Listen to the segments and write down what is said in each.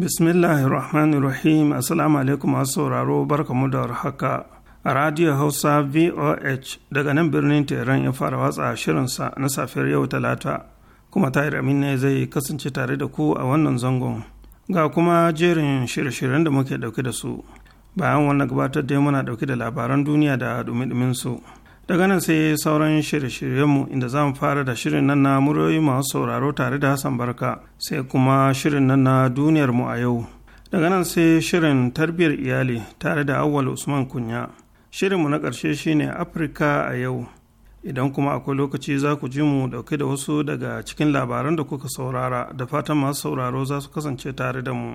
rahim Assalamu alaikum masu sauraro barkamu da haka. A radiyo Hausa VOH daga nan birnin Tehran ya fara watsa shirinsa na safiyar yau Talata, kuma Tahir Amin ne zai kasance tare da ku a wannan zangon. Ga kuma jerin shirye-shiryen da muke dauke da su. Bayan wannan gabatar da muna dauke da labaran duniya da dumi su. daga nan sai sauran shirye-shiryenmu inda za mu fara da shirin nan na muryoyi masu sauraro tare da hassan barka sai kuma shirin nan na mu a yau daga nan sai shirin tarbiyyar iyali tare da awwal usman kunya Shirin mu na ƙarshe shine afirka a yau idan kuma akwai lokaci za ku ji mu dauke da wasu daga cikin labaran da kuka saurara da fatan masu sauraro za su kasance tare da mu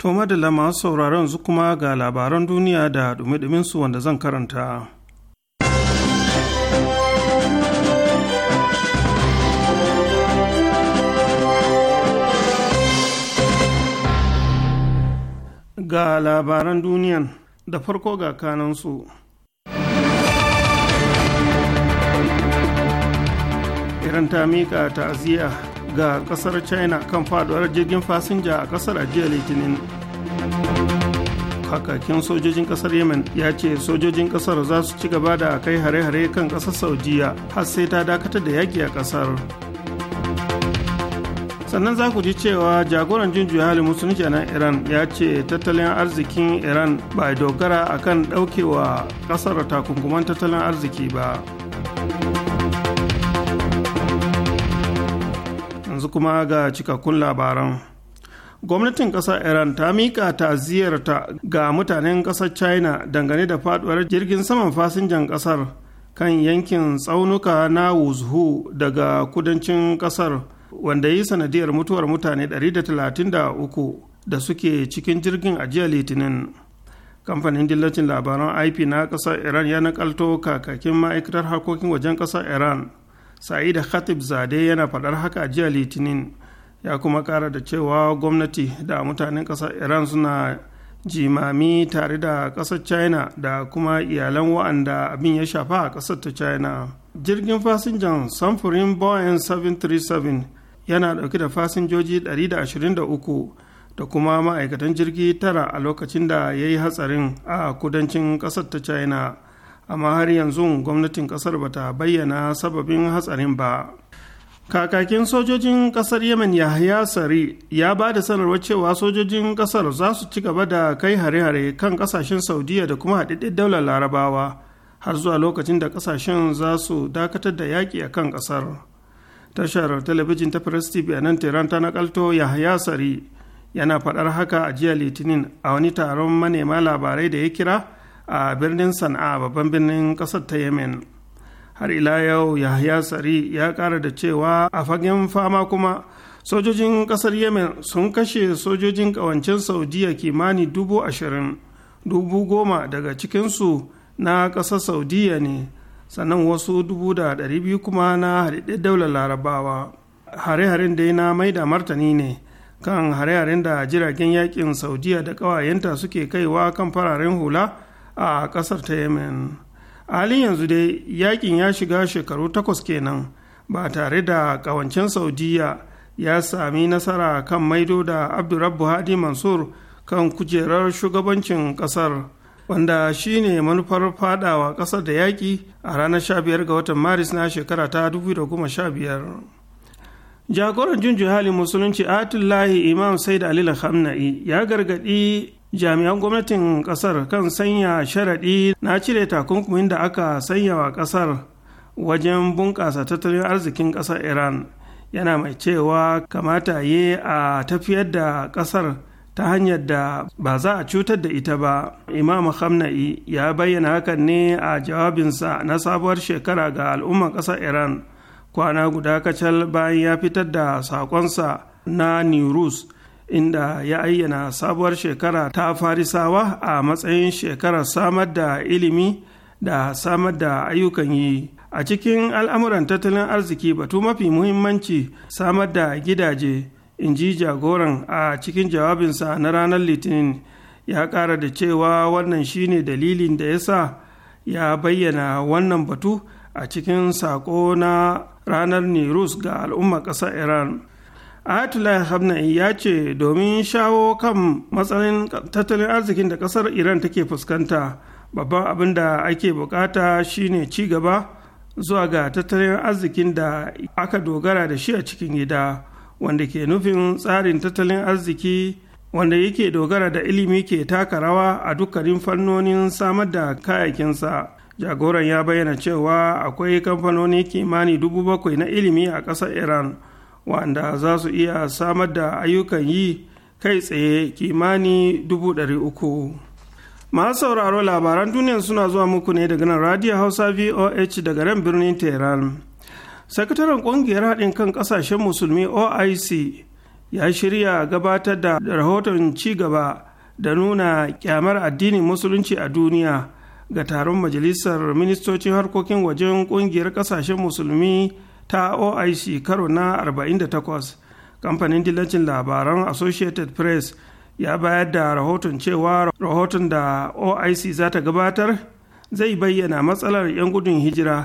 To madalla masu sauraron zu kuma ga labaran duniya da dumi su wanda zan karanta. Ga labaran duniyan da farko ga kanansu. Iran ta miƙa ta'aziyya ga ƙasar china kan faduwar jirgin fasinja a ƙasar a jiya litinin hakakin sojojin kasar yemen ya ce sojojin kasar za su ci gaba da kai hare-hare kan kasar saudiya har sai ta dakatar da yaki a kasar sannan za ku ji cewa jagoran jin hali musulunci na iran ya ce tattalin arzikin iran ba dogara a kan daukewa kasar takunkuman tattalin arziki ba yanzu kuma ga cikakkun labaran gwamnatin ƙasar iran ta miƙa ta'aziyarta ga mutanen ƙasar china dangane da faduwar jirgin saman fasinjan ƙasar kan yankin tsaunuka na wuzhu daga kudancin ƙasar wanda yi sanadiyar mutuwar mutane 133 da suke cikin jirgin ajiyar litinin kamfanin dillacin labaran ip na ƙasar iran ya nakalto kakakin ma'aikatar harkokin wajen ƙasar iran sa'ida khatib zade yana faɗar haka ajiyar litinin ya kuma kara da cewa gwamnati da mutanen ƙasar iran suna jimami tare da ƙasar china da kuma iyalan wa'anda abin ya shafa a ƙasar ta china jirgin fasinjan samfurin boeing 737 yana ɗauke da fasinjoji 123 da kuma ma'aikatan jirgi tara a lokacin da ya yi hatsarin a kudancin ƙasar ta china amma har yanzu gwamnatin ƙasar bata bayyana sababin hatsarin ba kakakin sojojin kasar yemen yahya sari ya ba da sanarwar cewa sojojin ƙasar za su ci gaba da kai hare-hare kan ƙasashen saudiya da kuma haɗaɗɗen daular larabawa har zuwa lokacin da ƙasashen za su dakatar da yaƙi a kan kasar tashar talabijin ta press tv a nan tehran ta nakalto yahya sari yana faɗar haka a jiya litinin a wani taron manema labarai da ya kira a birnin sana'a babban birnin ƙasar ta yemen har ila yau yahya sari ya kara da cewa a fagen fama kuma sojojin kasar yemen sun kashe sojojin kawancin saudiya kimani dubu ashirin dubu goma daga cikinsu na kasar saudiya ne sannan wasu dubu da ɗari biyu kuma na haɗaɗɗen daular larabawa hare-haren dai na mai da martani ne kan hare-haren da jiragen yakin saudiya da ƙawayenta suke kaiwa kan fararen hula a ƙasar ta yemen halin yanzu dai yakin ya shiga shekaru takwas kenan ba tare da kawancin saudiya ya sami nasara kan maido da abdurrabbu hadi mansur kan kujerar shugabancin kasar wanda shine manufar fadawa kasar da yaƙi a ranar 15 ga watan maris na shekara ta 2015 jagoran junjin halin musulunci atullahi imam said ali hamna'i ya gargadi. jami'an gwamnatin kasar kan sanya sharaɗi na cire takunkumin da aka sanya wa kasar wajen bunƙasa tattalin arzikin ƙasar iran yana mai cewa kamata ye a tafiyar da ƙasar ta hanyar da ba za a cutar da ita ba imam hamna'i ya bayyana hakan ne a jawabinsa na sabuwar shekara ga al'umman ƙasar iran kwana guda kacal bayan ya fitar da saƙonsa na news inda ya ayyana sabuwar shekara ta farisawa a matsayin shekarar samar da ilimi da samar da ayyukan yi a cikin al'amuran tattalin arziki batu mafi muhimmanci samar da gidaje in ji jagoran a cikin jawabinsa na ranar litinin ya ƙara da cewa wannan shine dalilin da ya sa ya bayyana wannan batu a cikin sako na ranar nerus ga al'ummar ƙasar Iran. Ayatollah Hamna'i ya ce domin shawo kan matsalin tattalin arzikin da ƙasar Iran take fuskanta babban abin da ake bukata shine ci gaba zuwa ga tattalin arzikin da aka dogara da shi a cikin gida wanda ke nufin tsarin tattalin arziki wanda yake dogara da ilimi ke taka rawa a dukkanin fannonin samar da kayakinsa. Jagoran ya bayyana cewa akwai kamfanoni kimani dubu bakwai na ilimi a ƙasar Iran. wanda za su iya samar da ayyukan yi kai tsaye kimani dubu ɗari uku. masu sauraro labaran duniya suna zuwa muku ne daga nan radio hausa voh daga nan birnin tehran sakataren ƙungiyar haɗin kan ƙasashen musulmi oic ya shirya gabatar da rahoton ci gaba da nuna kyamar addinin musulunci a duniya ga taron majalisar ministocin harkokin wajen ƙungiyar ƙasashen musulmi ta oic karo na 48 kamfanin dillacin labaran associated press ya bayar da rahoton cewa rahoton da oic za ta gabatar zai bayyana matsalar 'yan gudun hijira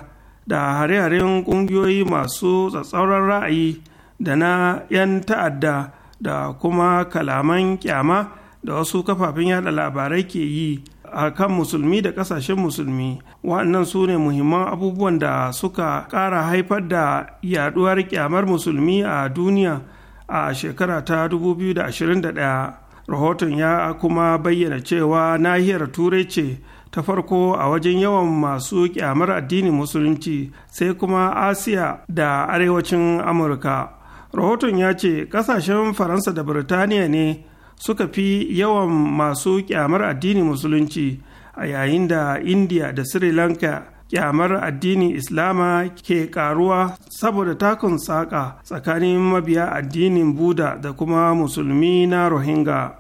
da hare-haren kungiyoyi masu tsatsauran ra'ayi da na 'yan ta'adda da kuma kalaman kyama da wasu kafafen yada labarai ke yi a kan musulmi da kasashen musulmi waɗannan su ne muhimman abubuwan da suka ƙara haifar da yaɗuwar kyamar musulmi a duniya a shekara ta 2021 rahoton ya kuma bayyana cewa nahiyar turai ce ta farko a wajen yawan masu kyamar addinin musulunci sai kuma asiya da arewacin amurka rahoton ya ce ƙasashen faransa da birtaniya ne suka fi yawan masu kyamar addini musulunci a yayin da india da sri lanka kyamar addinin islama ke karuwa saboda takun saƙa tsakanin mabiya addinin buda da kuma musulmi na rohingya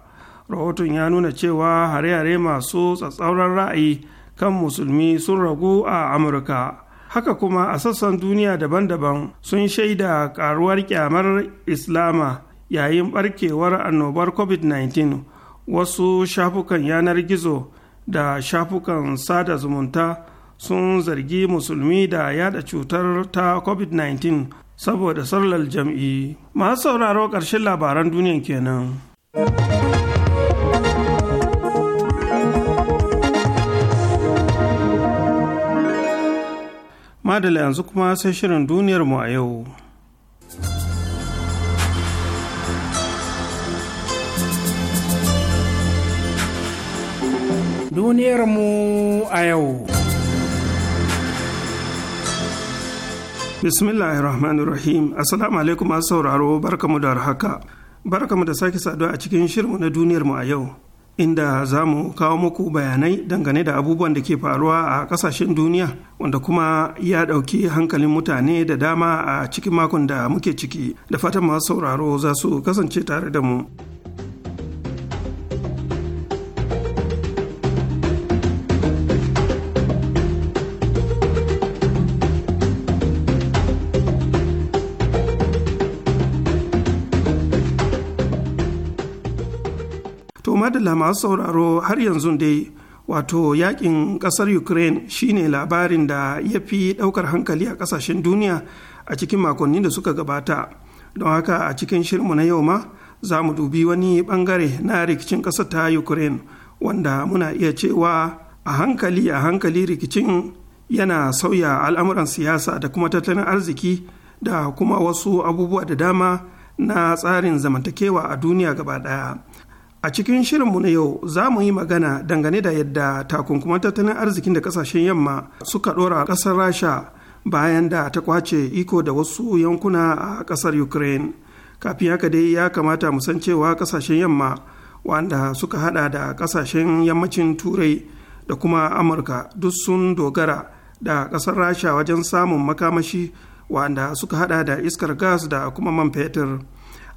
rahoton ya nuna cewa hare-hare masu tsatsauran ra'ayi kan musulmi sun ragu a amurka haka kuma a sassan duniya daban-daban sun shaida karuwar kyamar islama yayin barkewar annobar covid-19 wasu shafukan yanar gizo da shafukan sada zumunta sun zargi musulmi da yada cutar ta covid-19 saboda sallar jam'i masu sauraro ƙarshen labaran duniyan kenan. madala yanzu kuma sai shirin duniyar mu a yau duniyarmu a yau. rahim Assalamu alaikum masu sauraro barkamu da haka. Barkamu da sake saduwa a cikin shirmu na duniyarmu a yau. Inda za mu kawo muku bayanai dangane da abubuwan da ke faruwa a kasashen duniya wanda kuma ya ɗauki hankalin mutane da dama a cikin makon da muke ciki da fatan masu sauraro za su kasance tare da mu. madalla masu sauraro har yanzu dai wato yakin kasar ukraine shine labarin da ya fi daukar hankali a kasashen duniya a cikin makonni da suka gabata don haka a cikin shirmu na yau ma za mu dubi wani bangare na rikicin kasar ta ukraine wanda muna iya cewa a hankali a hankali rikicin yana sauya al'amuran siyasa da kuma tattalin arziki da kuma wasu abubuwa da dama na tsarin zamantakewa a duniya gaba daya A cikin shirinmu na yau za mu yi magana dangane da yadda takunkuman tattalin arzikin da kasashen yamma suka ɗora ƙasar Rasha bayan da ta kwace iko da wasu yankuna a ƙasar Ukraine. Kafin haka dai ya kamata mu san cewa ƙasashen yamma wanda suka hada da ƙasashen yammacin Turai da kuma Amurka duk sun dogara da ƙasar Rasha wajen samun makamashi wanda suka hada da iskar gas da kuma man fetur.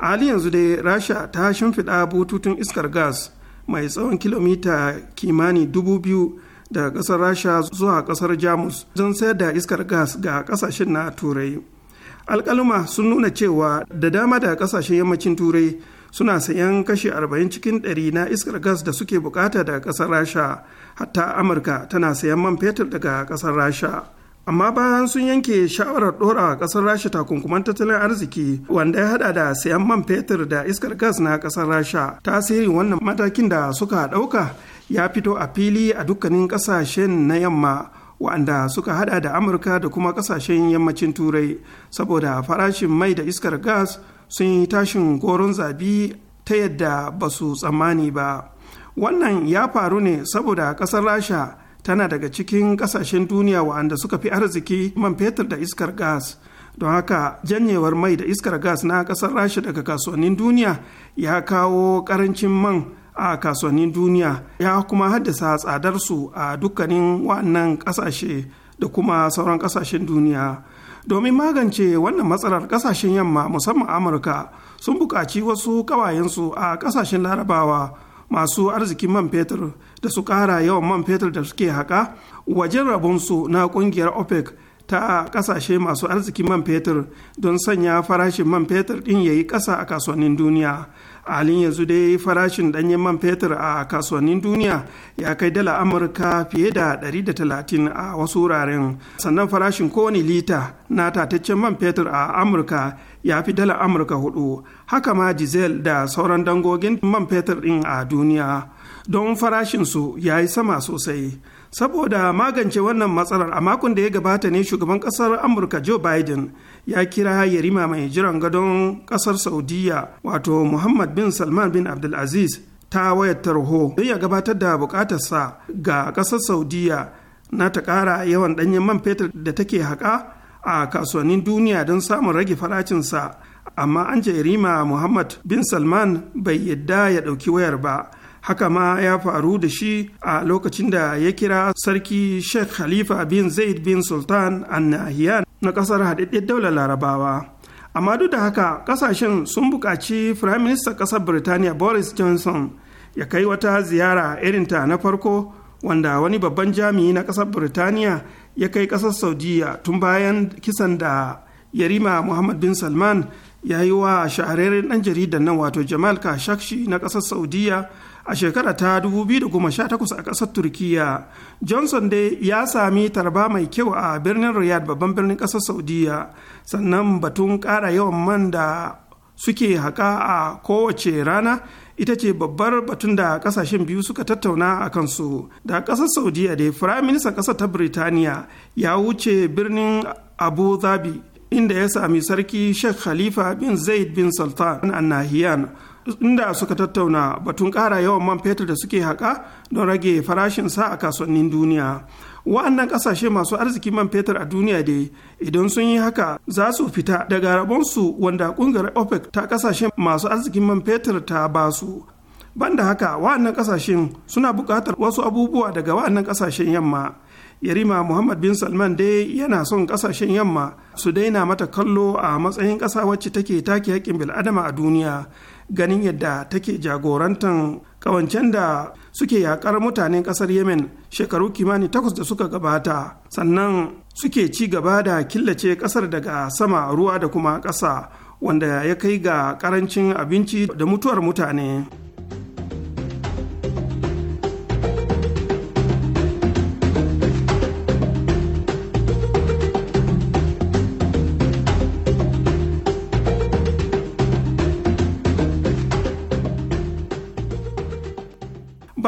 a hali yanzu dai rasha ta shimfiɗa bututun iskar gas mai tsawon kilomita kimani dubu biyu daga ƙasar rasha zuwa ƙasar jamus don sayar da iskar gas ga ƙasashen na turai alkaluma sun nuna cewa da dama da ƙasashen yammacin turai suna sayan kashi 40 cikin ɗari na iskar gas da suke bukata daga ƙasar rasha hatta amurka tana sayan man fetur daga ƙasar rasha amma bayan sun yanke shawarar dora kasar rasha takunkuman tattalin arziki wanda ya hada da sayan man fetur da iskar gas na kasar rasha tasirin wannan matakin da suka dauka ya fito a fili a dukkanin kasashen na yamma wa'anda suka hada da amurka da kuma kasashen yammacin turai saboda farashin mai da iskar gas sun yi tashin goron zabi ta yadda ba su tsammani ba wannan ya faru ne saboda kasar rasha tana daga cikin kasashen duniya wa'anda suka fi arziki man fetur da iskar gas don haka janyewar mai da iskar gas na kasar rasha daga kasuwannin duniya ya kawo karancin man a kasuwannin duniya ya kuma haddasa tsadarsu a dukkanin wa'annan kasashe da kuma sauran kasashen duniya domin magance wannan matsalar kasashen yamma musamman amurka sun buƙaci wasu ƙawayensu a kasashen larabawa masu arzikin man fetur da su kara yawan man fetur da suke haƙa wajen rabonsu na ƙungiyar opec ta ƙasashe masu arzikin man fetur don sanya farashin man fetur ɗin ya yi ƙasa a kasuwannin duniya a halin yanzu dai farashin ɗanyen man fetur a kasuwannin duniya ya kai dala amurka fiye da 130 a wasu wuraren sannan farashin kowane lita na tataccen man fetur a amurka ya fi dala amurka hudu haka ma diesel da sauran dangogin man fetur ɗin a duniya don farashinsu ya yi sama sosai saboda magance wannan matsalar a makon da ya gabata ne shugaban ƙasar amurka joe biden ya kira yarima mai jiran gadon kasar saudiya wato muhammad bin salman bin abdulaziz ta wayar tarho don ya gabatar da bukatarsa ga kasar saudiya na ta kara yawan danyen man fetur da take haƙa a kasuwannin duniya don samun rage faracinsa amma an yarima muhammad bin salman bai yadda ya ɗauki wayar ba haka ma ya faru da shi a lokacin da ya kira sarki sheikh khalifa bin zaid bin sultan an nahiyan na kasar haɗaɗɗiyar daular larabawa amma duk da haka ƙasashen sun buƙaci firayim ministan ƙasar birtaniya boris johnson ya kai wata ziyara irinta na farko wanda wani babban jami'i na ƙasar birtaniya ya kai ƙasar saudiya tun bayan kisan da yarima muhammad bin salman ya yi wa shahararren ɗan jaridar nan wato jamal khashoggi na ƙasar saudiya a shekara ta 2018 a ƙasar turkiya johnson dai ya sami tarba mai kyau a birnin riyadh babban birnin ƙasar saudiya sannan batun ƙara yawan man da suke haƙa a kowace rana ita ce babbar batun da kasashen biyu suka tattauna a kansu da kasar saudiya da firayim ministan kasar ta birtaniya ya wuce birnin abu dhabi inda ya sami sarki sheikh khalifa bin zaid bin sultan an nahiyan inda suka tattauna batun kara yawan man fetur da suke haƙa don rage farashinsa a kasuwannin duniya wa'annan ƙasashe masu arziki man fetur a duniya dai idan sun yi haka za su fita daga rabonsu wanda ƙungiyar opec ta ƙasashe masu arzikin man fetur ta basu banda haka wa'annan ƙasashen suna buƙatar wasu abubuwa daga wa'annan ƙasashen yamma yarima muhammad bin salman dai yana son kasashen yamma su daina mata kallo a matsayin ƙasa wacce take take haƙƙin bil'adama a duniya ganin yadda take jagorantan kawancen da suke yakar mutanen kasar yemen shekaru kimani takwas da suka gabata sannan suke ci gaba da killace kasar daga sama ruwa da kuma ƙasa wanda ya kai ga karancin abinci da mutuwar mutane.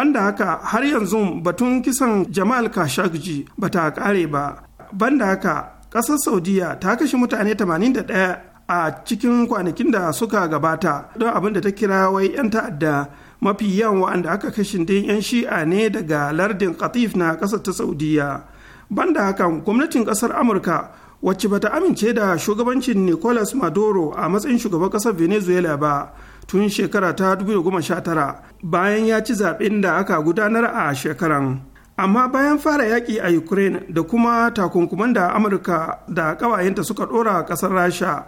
banda haka har yanzu batun kisan jamal khashoggi ta kare ba banda haka ƙasar saudiya ta kashe mutane 81 a cikin kwanakin da suka gabata don abin da ta kira wai 'yan ta'adda mafi yawan wa'anda aka kashe din 'yan shi'a ne daga lardin katif na ƙasar ta saudiya banda hakan gwamnatin ƙasar amurka wacce bata amince da shugabancin nicolas maduro a matsayin shugaban ƙasar venezuela ba tun shekara ta 2019 bayan ya ci zaɓen da aka gudanar a shekaran. Amma bayan fara yaƙi a Ukraine da kuma takunkuman da Amurka da ƙawayenta suka ɗora a ƙasar Rasha,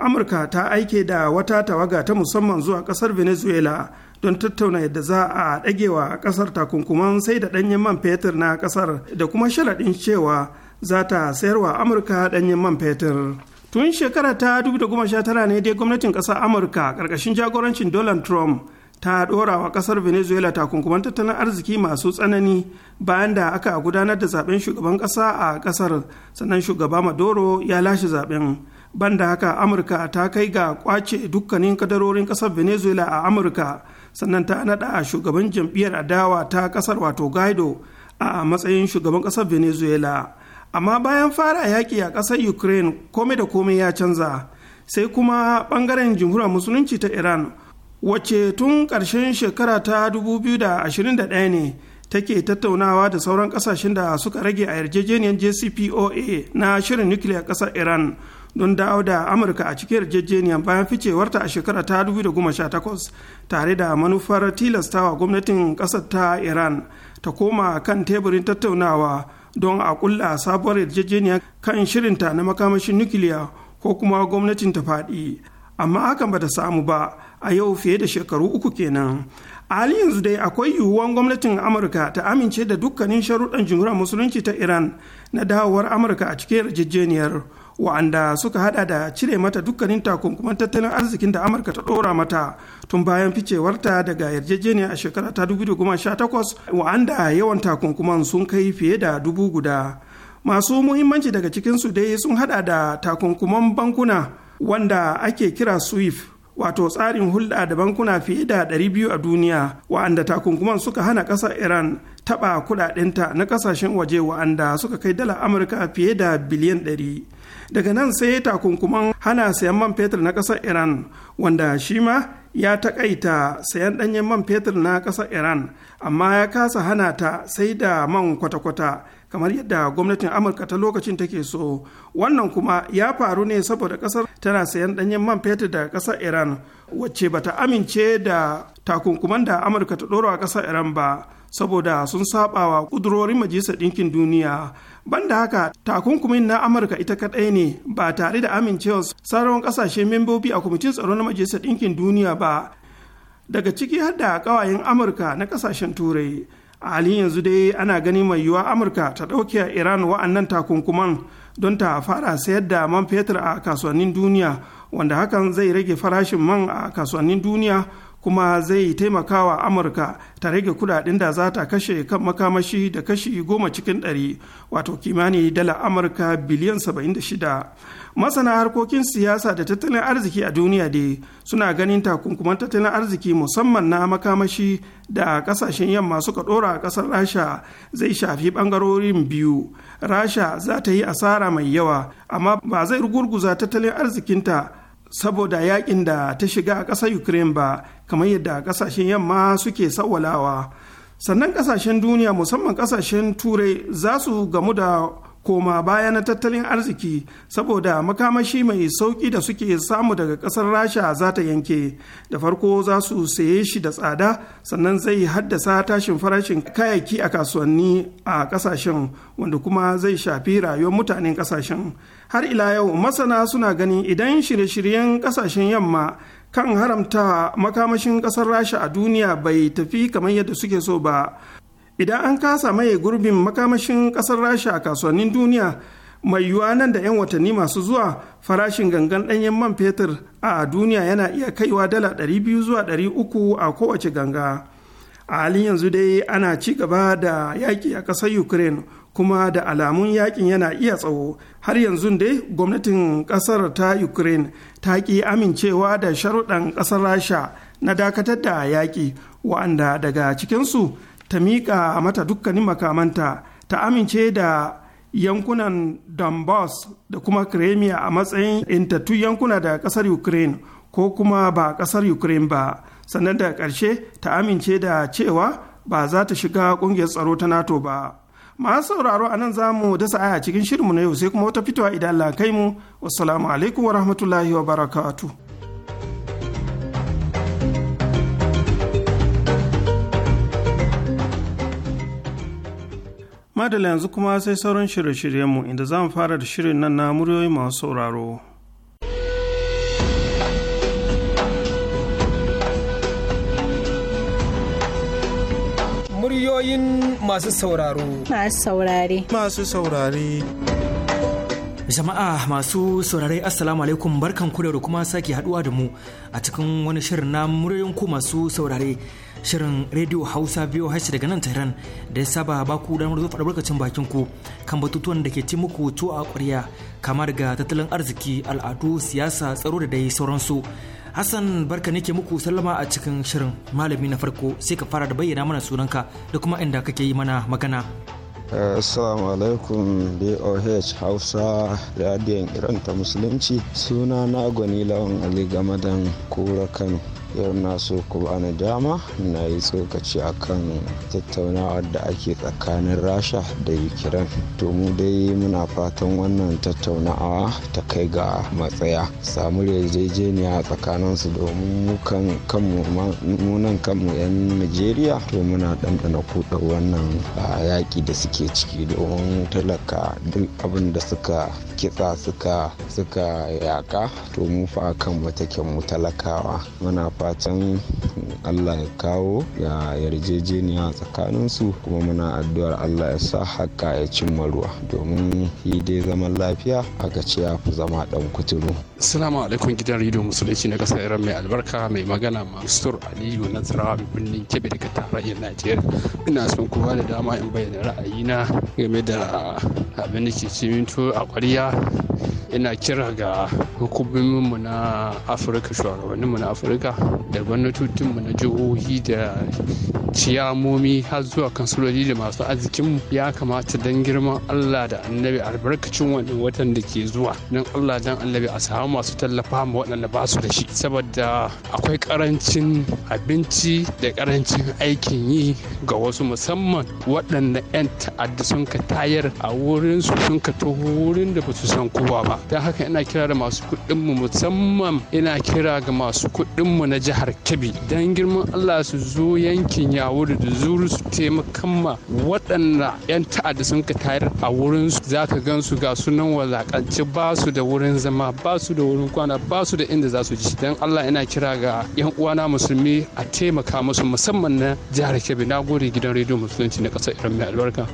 Amurka ta aike da wata tawaga ta musamman zuwa ƙasar Venezuela don tattauna yadda za a ɗagewa ƙasar takunkuman sai da ɗanyen man fetur na ƙasar da kuma sharaɗin cewa za ta wa Amurka ɗanyen man fetur. tun shekara ta 2019 ne dai gwamnatin ƙasar amurka ƙarƙashin jagorancin donald trump ta ɗora wa ƙasar venezuela takunkuman tattalin arziki masu tsanani bayan da aka gudanar da zaben shugaban ƙasa a ƙasar sannan shugaba maduro ya lashe zaben banda haka amurka ta kai ga kwace dukkanin kadarorin ƙasar venezuela a amurka sannan ta naɗa shugaban jam'iyyar adawa ta ƙasar wato guaido a matsayin shugaban ƙasar venezuela amma bayan fara yaƙi a ƙasar ukraine komai da komai ya canza sai kuma ɓangaren jimhuriyar musulunci ta iran wacce tun ƙarshen shekara ta 2021 ne take tattaunawa da sauran ƙasashen da suka rage a yarjejeniyar jcpoa na shirin nukiliya ƙasar iran don dawo da amurka a cikin yarjejeniyar bayan ficewarta a shekara ta 2018 tare da manufar tilastawa gwamnatin ƙasar ta iran ta koma kan teburin tattaunawa don a kulla sabuwar yarjejeniya kan shirinta na makamashin nukiliya ko kuma gwamnatin ta faɗi amma hakan bata samu ba a yau fiye da shekaru uku kenan a yanzu dai akwai yiwuwan gwamnatin amurka ta amince da dukkanin sharuɗan jimhuriyar musulunci ta iran na dawowar amurka a cikin yarjejeniyar wa'anda suka hada da cire mata dukkanin takunkuman tattalin arzikin da amurka ta dora mata tun bayan ficewarta daga yarjejeniya a shekara ta 2018 wa'anda yawan takunkuman sun kai fiye da dubu guda masu muhimmanci daga cikinsu dai sun hada da takunkuman bankuna wanda ake kira swift wato tsarin hulɗa da bankuna fiye da 200 a duniya wa'anda takunkuman suka hana ƙasar iran taɓa kuɗaɗenta na ƙasashen waje wa'anda suka kai dala amurka fiye da biliyan 100 daga nan sai takunkuman hana sayan man fetur na ƙasar iran wanda shi ma ya takaita sayan ɗanyen man fetur na ƙasar iran amma ya kasa hana ta sai da man kwata-kwata kamar yadda gwamnatin amurka ta lokacin take so wannan kuma ya faru ne saboda ƙasar tana sayan ɗanyen man fetur daga ƙasar iran wacce bata amince da takunkuman da amurka ta ɗora a ƙasar iran ba saboda sun saɓawa ƙudurorin majalisar ɗinkin duniya banda haka takunkumin na amurka ita kadai ne ba tare da amincewa sauran kasashe membobi a kwamitin tsaro na majalisar ɗinkin duniya ba daga ciki har da kawayen amurka na kasashen turai a halin yanzu dai ana gani mai yiwuwa amurka ta ɗauke iran wa'annan takunkuman don ta fara sayar da man fetur a kasuwannin duniya wanda hakan zai rage farashin man a kasuwannin duniya kuma zai taimakawa amurka ta rage kudaden da za ta kashe kan makamashi da kashi goma cikin ɗari wato kimani dala amurka biliyan 76 masana harkokin siyasa da tattalin arziki a duniya dai suna ganin takunkuman tattalin arziki musamman na makamashi da kasashen yamma suka ɗora a ƙasar rasha zai shafi ɓangarorin biyu rasha za ta yi asara mai yawa amma ba zai rugurguza tattalin arzikinta saboda yakin da ta shiga a ƙasar ukraine ba kamar yadda ƙasashen yamma suke sawwalawa sannan ƙasashen duniya musamman ƙasashen turai za su gamu da koma baya na tattalin arziki saboda makamashi mai sauƙi da suke samu daga ƙasar rasha za ta yanke da farko za su saye shi da tsada sannan zai haddasa tashin farashin kayayyaki a kasuwanni a ƙasashen wanda kuma zai shafi rayuwar mutanen ƙasashen har ila yau masana suna ganin idan shirye-shiryen ƙasashen yamma kan haramta makamashin ƙasar rasha a duniya bai tafi kamar yadda suke so ba idan an kasa maye gurbin makamashin kasar rasha a kasuwannin duniya mai yiwuwa nan da 'yan watanni masu zuwa farashin gangan ɗanyen man fetur a duniya yana iya kaiwa dala 200 zuwa 300 a kowace ganga a halin yanzu dai ana ci gaba da yaƙi a ƙasar ukraine kuma da alamun yakin yana iya tsawo har yanzu dai gwamnatin ƙasar ta ukraine ta ƙi amincewa da sharuɗan ƙasar rasha na dakatar da yaƙi wa'anda daga cikinsu ta miƙa mata dukkanin makamanta ta amince da yankunan donbass da kuma crimea a matsayin intattu yankuna da kasar ukraine ko kuma ba ƙasar ukraine ba sannan da karshe ta amince da cewa ba za ta shiga ƙungiyar tsaro ta nato ba masu sauraro a nan za mu dasa aya cikin shirinmu na yau sai kuma wata fitowa idan Allah kai mu wasu alaikum wa rahmatullahi wa barakatuh madala yanzu kuma sai sauran shirye-shiryenmu inda za mu fara da shirin nan na muryoyi masu sauraro muryoyin masu sauraro masu saurare masu saurare Jama'a masu saurare Assalamu alaikum barkan ku da kuma sake haduwa da mu a cikin wani shirin na muryoyin ku masu saurare shirin rediyo hausa biyu hashi daga nan tehran da ya saba ba ku damar zuwa barkacin bakin ku kan batutuwan da ke ci muku tuwo a ƙwarya kamar ga tattalin arziki al'adu siyasa tsaro da dai sauransu hassan barka ne ke muku sallama a cikin shirin malami na farko sai ka fara da bayyana mana sunanka da kuma inda kake yi mana magana eh, Assalamu alaikum BOH Hausa Radiyon Iran ta Musulunci suna na gwani lawan Ali Gamadan Kura Kano. yau na so ku bani dama na yi tsokaci akan tattaunawa da ake tsakanin rasha da ukraine to mu dai muna fatan wannan tattaunawa ta kai ga matsaya samu yarjejeniya tsakaninsu domin mukan kanmu munan kanmu 'yan najeriya to muna ɗanɗana kuɗa wannan yaƙi da suke ciki domin talaka duk abin da suka kitsa suka suka yaƙa to mu fa kan mu take mu talakawa muna fatan allah ya kawo ya yarjejeniya tsakaninsu kuma muna addu'ar allah ya sa haka ya cimma ruwa domin yi dai zaman lafiya aka ce ya fi zama dan kuturu salamu alaikum gidan rediyo musulunci na ƙasar iran mai albarka mai magana mansur aliyu na tsirawa birnin kebe daga tarayyar najeriya ina son kowa da dama in bayyana ra'ayina game da abin da ke ciminto a ƙwariya ina kira ga hukumominmu na afirka shugabanninmu na afirka da gwamnatocinmu na jihohi da ciyamomi har zuwa kansuloli da masu arzikinmu ya kamata don girman allah da annabi albarkacin wannan watan da ke zuwa don allah don annabi a samu masu tallafa ma waɗanda ba su da shi saboda akwai karancin abinci da karancin aikin yi ga wasu musamman waɗanda 'yan ta'adda sun ka tayar a wurin su sun ka taho wurin da ba su san kowa ba don haka ina kira da masu kuɗinmu musamman ina kira ga masu kuɗinmu na jihar kebbi don girman allah su zo yankin yawuri da zuru su taimakan ma waɗanda 'yan ta'adda sun ka tayar a wurin su za ka gan su ga sunan walakance ba su da wurin zama ba su da wurin kwana ba su da inda za su ji don allah ina kira ga 'yan uwana musulmi a taimaka musu musamman na jihar kebbi na gode gidan rediyo musulunci na ƙasar iran mai albarka.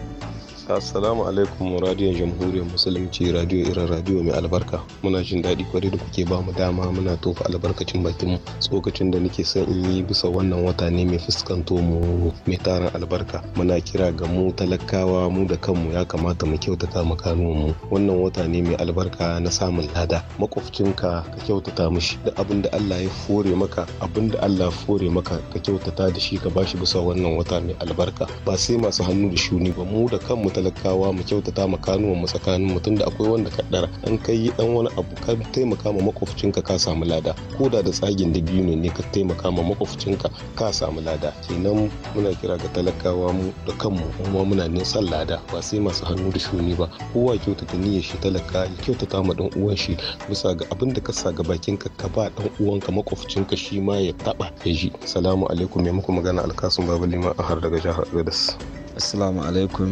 Assalamu alaikum radiyon jamhuriyar musulunci radiyo irin radiyo mai albarka. Muna jin daɗi kwarai da kuke ba mu dama muna tofa albarkacin bakinmu. Tsokacin da nake son in yi bisa wannan wata ne mai fuskanto mu mai tarin albarka. Muna kira ga mu talakawa mu da kanmu ya kamata mu kyautata mu mu. Wannan wata ne mai albarka na samun lada. makwafcinka ka kyautata mishi da abin da Allah ya fore maka abin da Allah ya fore maka ka kyautata da shi ka bashi bisa wannan wata mai albarka. Ba sai masu hannu da shuni ba mu da kanmu talakawa mu kyautata ma kanuwan mu tsakanin mutum da akwai wanda dara an kai dan wani abu ka taimaka ma makwabcinka ka samu lada ko da da tsagin da biyu ne ka taimaka ma makwabcinka ka samu lada kenan muna kira ga talakawa mu da kanmu kuma muna nisan lada ba sai masu hannu da shuni ba kowa kyautata niyyar shi talaka ya kyautata ma dan uwan shi bisa ga abin da ka sa ga bakinka ka ba dan uwanka makwabcinka shi ma ya taba ya ji salamu alaikum ya muku magana alkasun babalima a har daga jihar agadas assalamu alaikum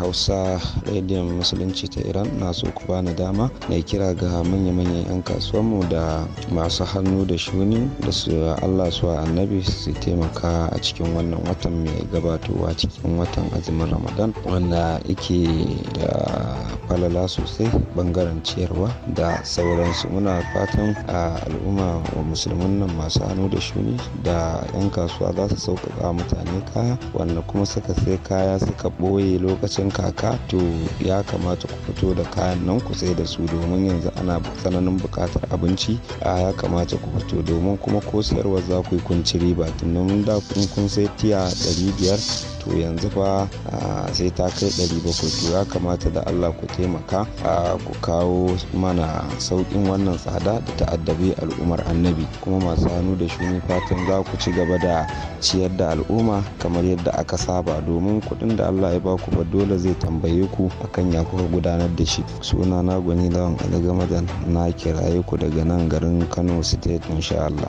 hausa rediyon musulunci ta iran na so ku bani dama na kira ga manya-manyan 'yan kasuwanmu da masu hannu da shuni da su allah su annabi su taimaka a cikin wannan watan mai gabatowa cikin watan azumin ramadan wanda yake da falala sosai bangaren ciyarwa da sauransu muna fatan a al'umma musulmin nan masu hannu da shuni da 'yan kasuwa za su sauƙaƙa mutane kaya wanda kuma suka sai sai kaya suka ɓoye lokacin kaka to ya kamata ku fito da kayan nan ku sai da su domin yanzu ana tsananin buƙatar abinci a ya kamata ku fito domin kuma ko sayarwa za ku yi kun ci riba da kun sai tiya 500 to yanzu fa sai ta kai ɗari bakwai to ya kamata da allah ku taimaka ku kawo mana sauƙin wannan tsada da ta'addabi al'ummar annabi kuma masu hannu da shuni fatan za ku ci gaba da ciyar da al'umma kamar yadda aka saba domin kuɗin da allah ya baku ba dole zai tambaye ku akan ya kuka gudanar da shi suna na gwani lawan alagamadan na kiraye ku daga nan garin kano state insha allah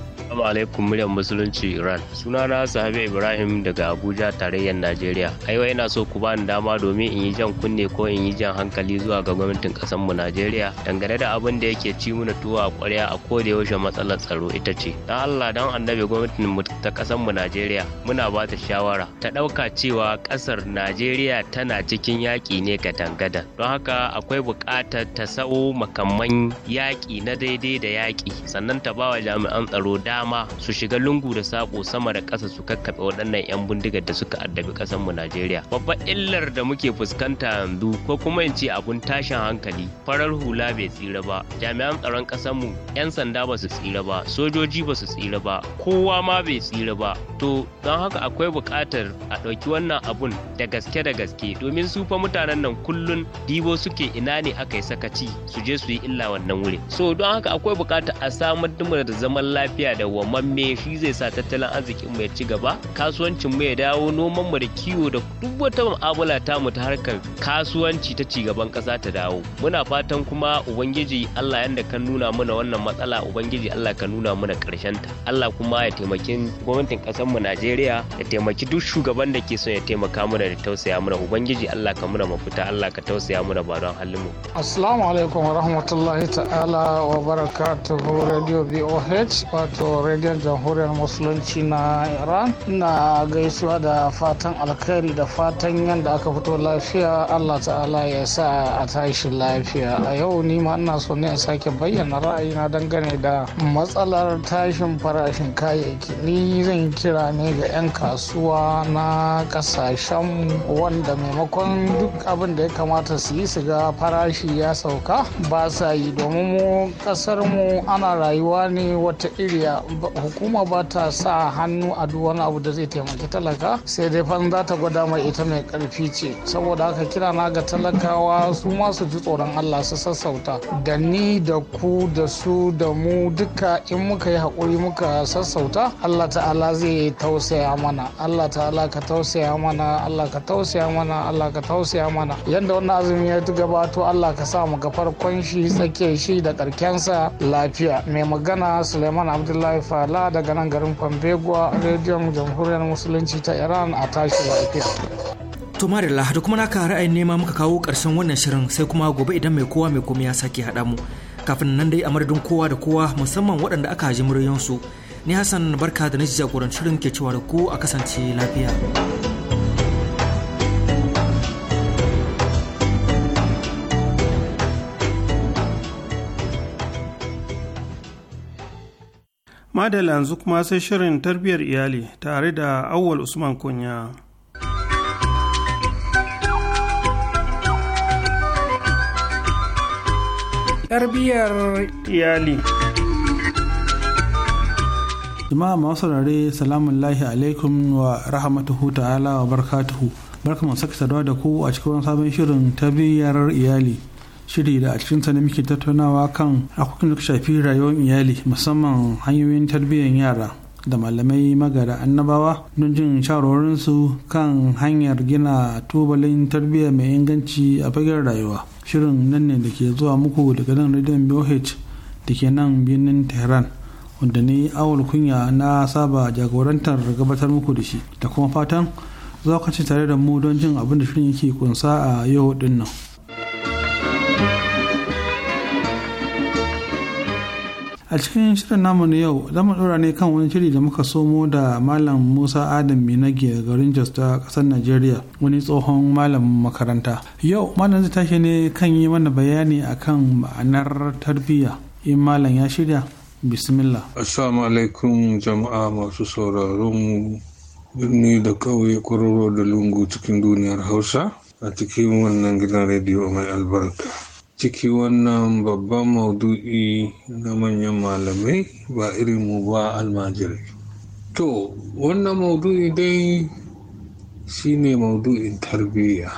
Assalamu alaikum muryar musulunci Iran. Sunana Sahabi Ibrahim daga Abuja tarayyar Najeriya. Aiwa yana so ku bani dama domin in yi jan kunne ko in yi jan hankali zuwa ga gwamnatin kasar mu Najeriya dangane da abin da yake ci mana tuwo a ƙwarya a koda yaushe matsalar tsaro ita ce. Dan Allah dan annabi gwamnatin mu ta kasar mu Najeriya muna ba ta shawara ta ɗauka cewa ƙasar Najeriya tana cikin yaƙi ne katangada. Don haka akwai buƙatar ta sa'o makamman yaƙi na daidai da yaƙi sannan ta bawa jami'an tsaro dama dama su shiga lungu da sako sama da ƙasa su kakkaɓe waɗannan 'yan bindigar da suka addabi ƙasar mu Najeriya. Babbar illar da muke fuskanta yanzu ko kuma in ce abun tashin hankali farar hula bai tsira ba jami'an tsaron ƙasar mu 'yan sanda ba su tsira ba sojoji ba su tsira ba kowa ma bai tsira ba to don haka akwai buƙatar a ɗauki wannan abun da gaske da gaske domin su fa mutanen nan kullun dibo suke ina ne aka yi sakaci su je su yi illa wannan wuri so don haka akwai buƙatar a samar da zaman lafiya da dawwamamme shi zai sa tattalin arzikin mu ya ci gaba kasuwancin mu ya dawo noman mu da kiwo da duk wata mu'amala ta mu ta harkar kasuwanci ta cigaban gaban ƙasa ta dawo muna fatan kuma ubangiji Allah yanda kan nuna mana wannan matsala ubangiji Allah ka nuna mana karshen ta Allah kuma ya taimaki gwamnatin kasar mu Najeriya ya taimaki duk shugaban da ke son ya taimaka mana da tausaya mana ubangiji Allah ka muna mafita Allah ka tausaya mana ba don halin mu assalamu alaikum wa rahmatullahi ta'ala wa barakatuhu radio BOH wato rediyon jamhuriyar musulunci na iran ina gaisuwa da fatan alkhairi da fatan yadda aka fito lafiya allah ta'ala ya sa a tashi lafiya a yau ni ma ina so ne a sake bayyana ra'ayina dangane da matsalar tashin farashin kayayyaki ni zan kira ne ga 'yan kasuwa na kasashen wanda maimakon duk abin da ya kamata su yi su ga farashi ya sauka ba sa yi domin mu kasar mu ana rayuwa ne wata iriya hukuma ba ta sa hannu a duk wani abu da zai taimaki talaka sai dai fa za ta gwada mai ita mai karfi ce saboda haka kira na ga talakawa su ma su ji tsoron Allah su sassauta da ni da ku da su da mu duka in muka yi hakuri muka sassauta Allah ta'ala zai tausaya mana Allah ta'ala ka tausaya mana Allah ka tausaya mana Allah ka tausaya mana yanda wannan azumi ya gabato Allah ka sa mu ga farkon shi tsakiyar shi da karkensa lafiya mai magana Suleiman Abdullahi fala daga nan garin Fambegwa rediyon jamhuriyar musulunci ta Iran a tashi lafiya. To Marilla, da kuma naka ra'ayin nema muka kawo karshen wannan shirin sai kuma gobe idan mai kowa mai komai ya sake haɗa mu. Kafin nan dai a madadin kowa da kowa musamman waɗanda aka ji muryansu. Ni Hassan barka da na jagorancin shirin ke cewa da ku a kasance lafiya. madala yanzu kuma sai shirin tarbiyyar iyali tare da awwal usman kunya tarbiyyar iyali jama'a masu rare salamun lahi alaikum wa rahmatuhu ta'ala wa barkatuhu barkamu saka saduwa da ku a cikin sabon shirin tarbiyyar iyali shiri da a cikinsa ne muke tattaunawa kan harkokin da shafi rayuwar iyali musamman hanyoyin tarbiyyar yara da malamai magara annabawa don jin shawarwarinsu kan hanyar gina tubalin tarbiyya mai inganci a fagen rayuwa shirin nan ne da ke zuwa muku daga nan rediyon boh da ke nan birnin tehran wanda ni awal kunya na saba jagorantar gabatar muku da shi da kuma fatan za ku ci tare da mu don jin abin da shirin yake kunsa a yau din nan. a cikin shirin namu na yau za mu ne kan wani shiri da muka somo da malam musa adam minage garin jos ta kasar nigeria wani tsohon malam makaranta yau malam zai tashi ne kan yi mana bayani akan ma'anar tarbiyya in malam ya shirya bismillah assalamu alaikum jama'a masu sauraron birni da kauye kwararo da lungu cikin duniyar hausa a cikin wannan gidan rediyo mai albarka ciki wannan babban maudu'i na manyan malamai ba irin mu ba almajirai to wannan maudu'i dai shine maudu'in tarbiyya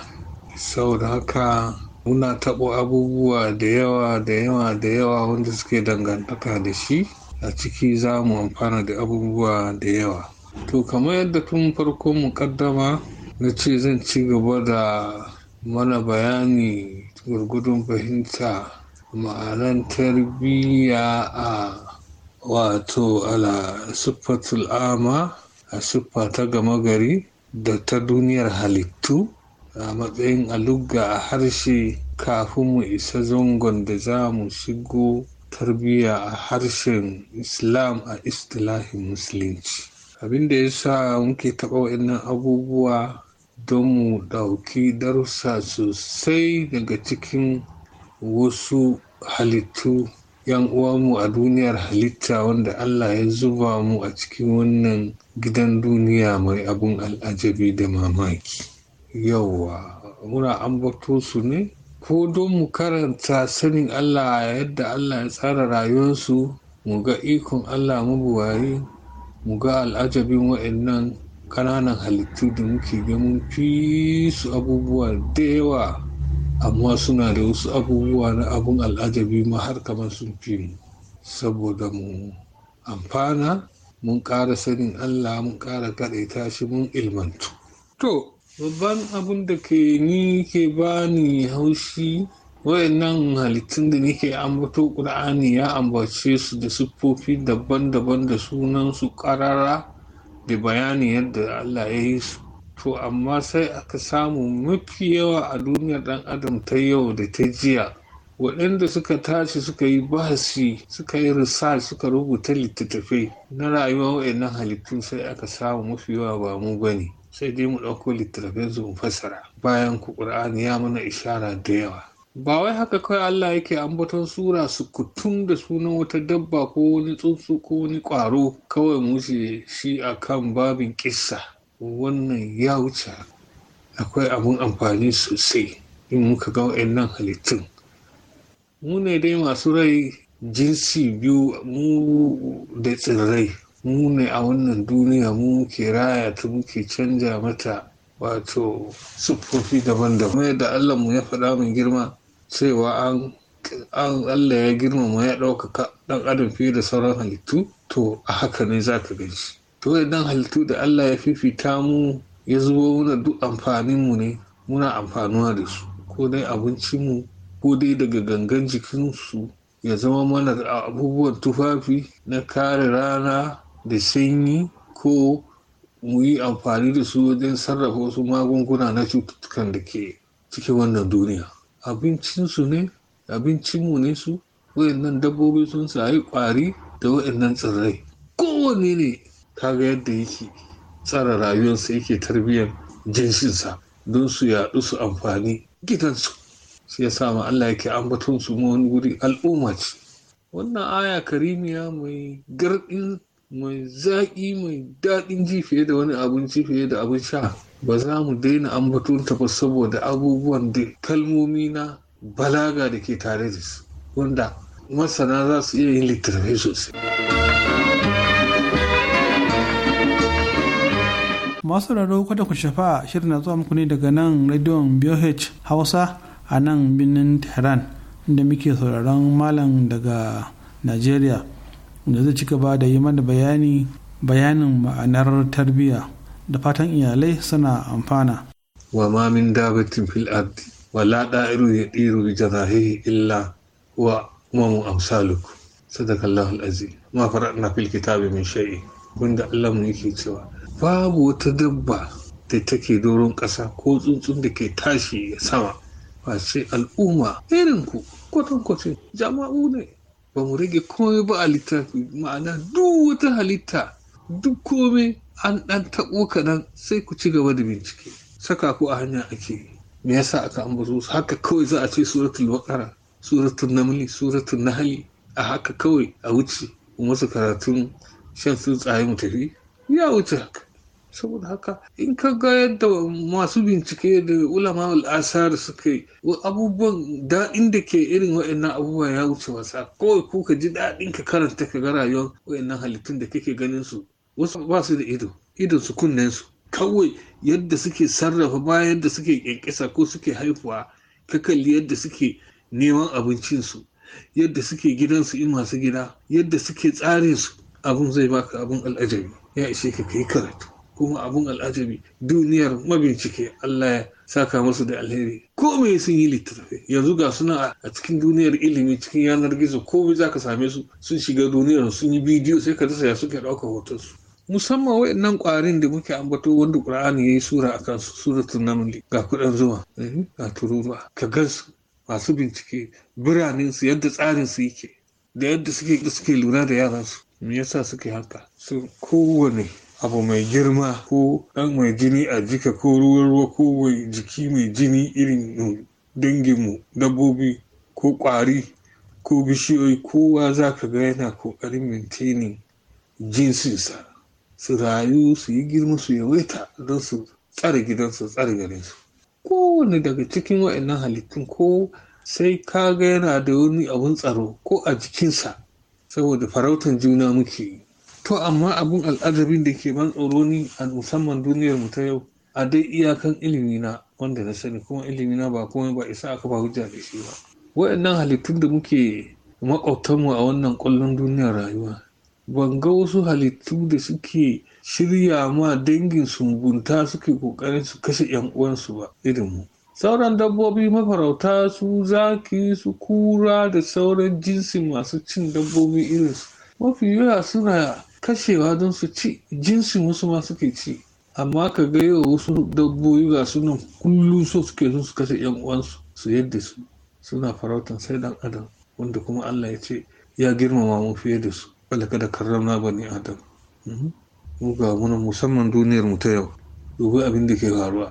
saboda haka muna taɓo abubuwa da yawa da yawa da yawa wanda suke dangantaka da shi a ciki za mu amfana da abubuwa da yawa to kamar yadda tun farko kaddama, na ce zan ci gaba da mana bayani gurgudun fahimta ma'anar tarbiyya a wato ala siffatul ama a siffa ta gama gari da ta duniyar halittu a matsayin alugga a harshe kafin mu isa zangon da za mu shigo tarbiyya a harshen islam a istilahin musulunci abin da ya sa muke taɓa waɗannan abubuwa don mu ɗauki darussa sosai daga cikin wasu halittu yan uwanmu a duniyar halitta wanda Allah ya zuba mu a cikin wannan gidan duniya mai abun al'ajabi da mamaki. Yauwa, muna ambato su ne? Ko don mu karanta sanin Allah yadda Allah ya tsara rayuwarsu, mu ga ikon Allah mabuwari, mu ga al'ajabin wa'annan ƙananan halittu da muke ganin fi su abubuwa da yawa amma suna da wasu abubuwa na abun al'ajabi ma har kamar sun fi mu saboda mu amfana mun ƙara sanin allah mun ƙara kaɗaita shi mun ilmantu to babban abin da ke ni ke bani haushi wayannan halittun da nake ambato ƙur'ani ya ambace su da siffofi daban-daban da sunan su ƙarara da bayanin yadda Allah ya yi su to amma sai aka samu mafi yawa a duniyar ɗan adam ta yau da ta jiya waɗanda suka tashi suka yi bahasi suka yi research suka rubuta littattafai na rayuwar waɗannan halittu sai aka samu mafi yawa ba mu bane sai dai mu ɗauko littattafai su mu fassara bayan ku ƙur'ani ya mana ishara da yawa ba wai haka kawai Allah yake ambaton sura su kutum da sunan wata dabba ko wani tsuntsu ko wani ƙwaro kawai mushe shi a kan babin kissa wannan ya wuce akwai abun amfani sosai in muka ga wa'annan halittun mu ne dai masu rai jinsi biyu mu da tsirrai mu ne a wannan duniya mu ke raya ta muke canja mata wato siffofi daban-daban da Allah mu ya faɗa mun girma cewa an Allah ya girmama ya ɗaukaka ɗan adam fiye da sauran halittu to a haka ne za ka shi to idan halittu da Allah ya fifita mu ya zubo muna duk amfanin mu ne muna amfanuwa da su ko dai abincin mu ko dai daga gangan jikinsu ya zama mana abubuwan tufafi na kare rana da sanyi ko mu yi amfani da su wajen sarrafa wasu magunguna na cututtukan da ke cikin wannan duniya abincinsu ne abincinmu ne su wayannan dabbobi sun sayi ƙwari da wayannan tsirrai kowane ne kaga yadda yake tsara rayuwarsa yake tarbiyyar jinsinsa don su yaɗu su amfani gidansu su ya sa Allah yake ambaton su ma wani guri al'umma ce wannan aya karimiya mai garɗin mai zaƙi mai daɗin ji fiye da wani abinci fiye da abin sha ba za mu daina ambatonta ba saboda abubuwan da kalmomi na balaga da ke tare da su wanda masana za su iya yin littattafai sosai masu raro kada ku shafa shirin na zuwa muku ne daga nan rediyon BOH Hausa a nan birnin Tehran inda muke sauraron malam daga nigeria da zai ci gaba da yi mana bayani bayanin ma'anar tarbiyya. da fatan iyalai suna amfana wa ma min dabatin fil ardi wala da'iru ya diru bi janahihi illa wa umamu amsaluku sadakallahu alazim ma faradna fil kitabi min shay'in wanda Allah mu yake cewa babu wata dabba da take doron ƙasa ko tsuntsun da ke tashi ya sama ba sai al'umma irin ku kwace-kwace jama'u ne ba mu rage komai ba a littafi ma'ana duk wata halitta duk komai an ɗan taɓo kaɗan sai ku ci gaba da bincike saka ku a hanya ake me yasa aka ambazo su haka kawai za a ce suratul baqara suratul namli suratul nahli a haka kawai a wuce musu karatun shan tsaye mu tafi ya wuce haka saboda haka in ka ga yadda masu bincike da ulama da suka yi abubuwan daɗin da ke irin wa'annan abubuwa ya wuce wasa kawai ko ka ji daɗin ka karanta ka ga rayuwar wa'annan halittun da kake ganin su wasu ba su da ido idon su kunnen su kawai yadda suke sarrafa ba yadda suke kyankisa ko suke haifuwa ka kalli yadda suke neman abincinsu yadda suke gidansu in masu gida yadda suke tsarin su abun zai baka abin al'ajabi ya ishe ka kai karatu kuma abun al'ajabi duniyar mabincike Allah ya saka masu da alheri Ko me sun yi littattafai yanzu ga suna a cikin duniyar ilimi cikin yanar gizo ko me zaka same su sun shiga duniyar sun yi bidiyo sai ka dasa ya suke hoton su? musamman waɗannan ƙwarin da muke ambato wanda ƙur'ani ya yi sura a kan suratun namli ga kuɗin zuwa eh, ga tururuwa ka gansu masu bincike biranensu yadda tsarinsu yake da yadda suke suke lura da yaransu me yasa suke haka su kowane abu mai girma ko ɗan mai jini a jika ko ruwan ruwa ko mai jiki mai jini irin danginmu dabbobi ko ƙwari ko bishiyoyi kowa za ka ga yana ƙoƙarin maintaining jinsinsa su rayu su yi girma su yawaita don su tsare gidansu tsare garinsu kowane daga cikin wa'annan halittun ko sai ka ga yana da wani abun tsaro ko a jikinsa saboda farautan juna muke yi to amma abun al'adabin da ke ban tsoro ni a musamman duniyar mu ta yau a dai iyakan ilimi na wanda na sani kuma ilimi na ba komai ba isa aka ba hujja da shi ba wa'annan halittun da muke makwabtanmu a wannan ƙwallon duniyar rayuwa ban ga wasu halittu da suke shirya ma dangin sumbunta suke kokarin su kashe yan uwansu ba irin mu sauran dabbobi mafarauta su zaki su kura da sauran jinsi masu cin dabbobi irinsu mafi yawa suna kashewa don su ci jinsi wasu ma suke ci amma ka ga yau wasu dabbobi ga su nan kullum so suke so su kashe yan uwansu su yadda su suna farautan sai dan adam wanda kuma Allah ya ce ya girmama mu fiye da su wanda kada karramna bani adam mu ga muna musamman duniyar mu ta yau dubi abin da ke faruwa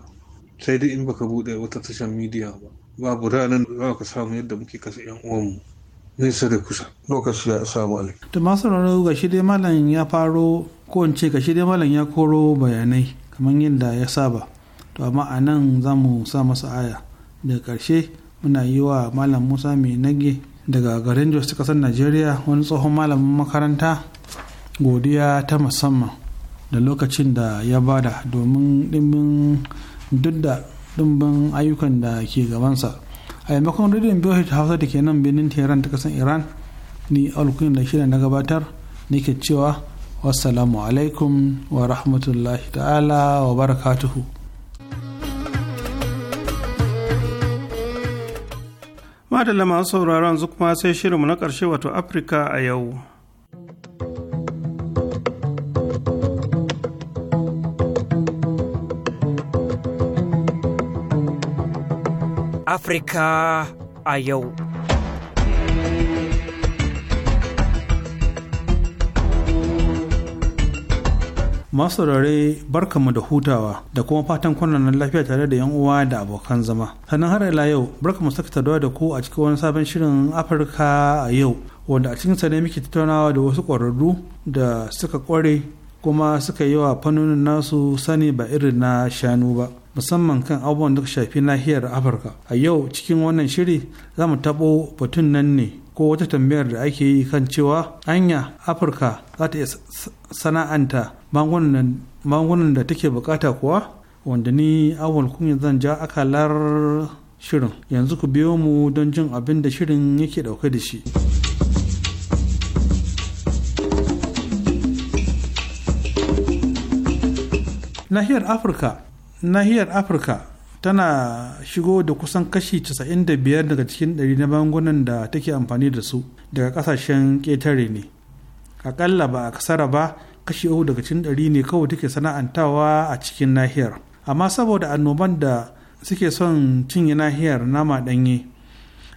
sai dai in baka bude wata tashar midiya ba babu ranar da za ka samu yadda muke kasa yan uwan mu nisa da kusa lokaci ya samu alai. to masu raro ga shi dai malam ya faro ko in ce ga shi dai malam ya koro bayanai kamar yadda ya saba to amma a nan za mu sa masa aya daga karshe muna yi wa malam musa mai nage daga garin jos ta kasar najeriya wani tsohon malamin makaranta godiya ta musamman da lokacin da ya bada domin dimbin duk da dimbin ayyukan da ke gabansa a yamakon rudin biyu hausa da ke nan birnin tehran ta kasar iran ni alkun da shirin na gabatar nake cewa wassalamu alaikum wa rahmatullahi ta'ala wa barakatuhu Madalla masu sauraron yanzu kuma sai shirinmu na ƙarshe wato Afirka a yau. Afirka a yau. masu rare barkanmu da hutawa da kuma fatan kwanan lafiya tare da yan uwa da abokan zama sannan har ila yau barkanmu saka ta da ku a cikin wani sabon shirin afirka a yau wanda a cikinsa ne muke tattaunawa da wasu kwararru da suka kware kuma suka yi wa fannonin nasu sani ba irin na shanu ba musamman kan abubuwan da shafi nahiyar afirka a yau cikin wannan shiri za mu taɓo batun nan ne ko wata tambayar da ake yi kan cewa anya afirka za ta iya sana'anta magungunan da take bukata kuwa wanda ni awon kunya zan ja akalar shirin yanzu ku biyo mu don jin abin da shirin yake dauke da shi nahiyar afirka nahiyar afirka tana shigo da kusan kashi 95 daga cikin ɗari na bangunan da take amfani da su daga ƙasashen ƙetare ne aƙalla ba a kasara ba kashi uku daga cikin ɗari ne kawai take sana'antawa a cikin nahiyar amma saboda annoban da suke son cinye nahiyar nama ɗanye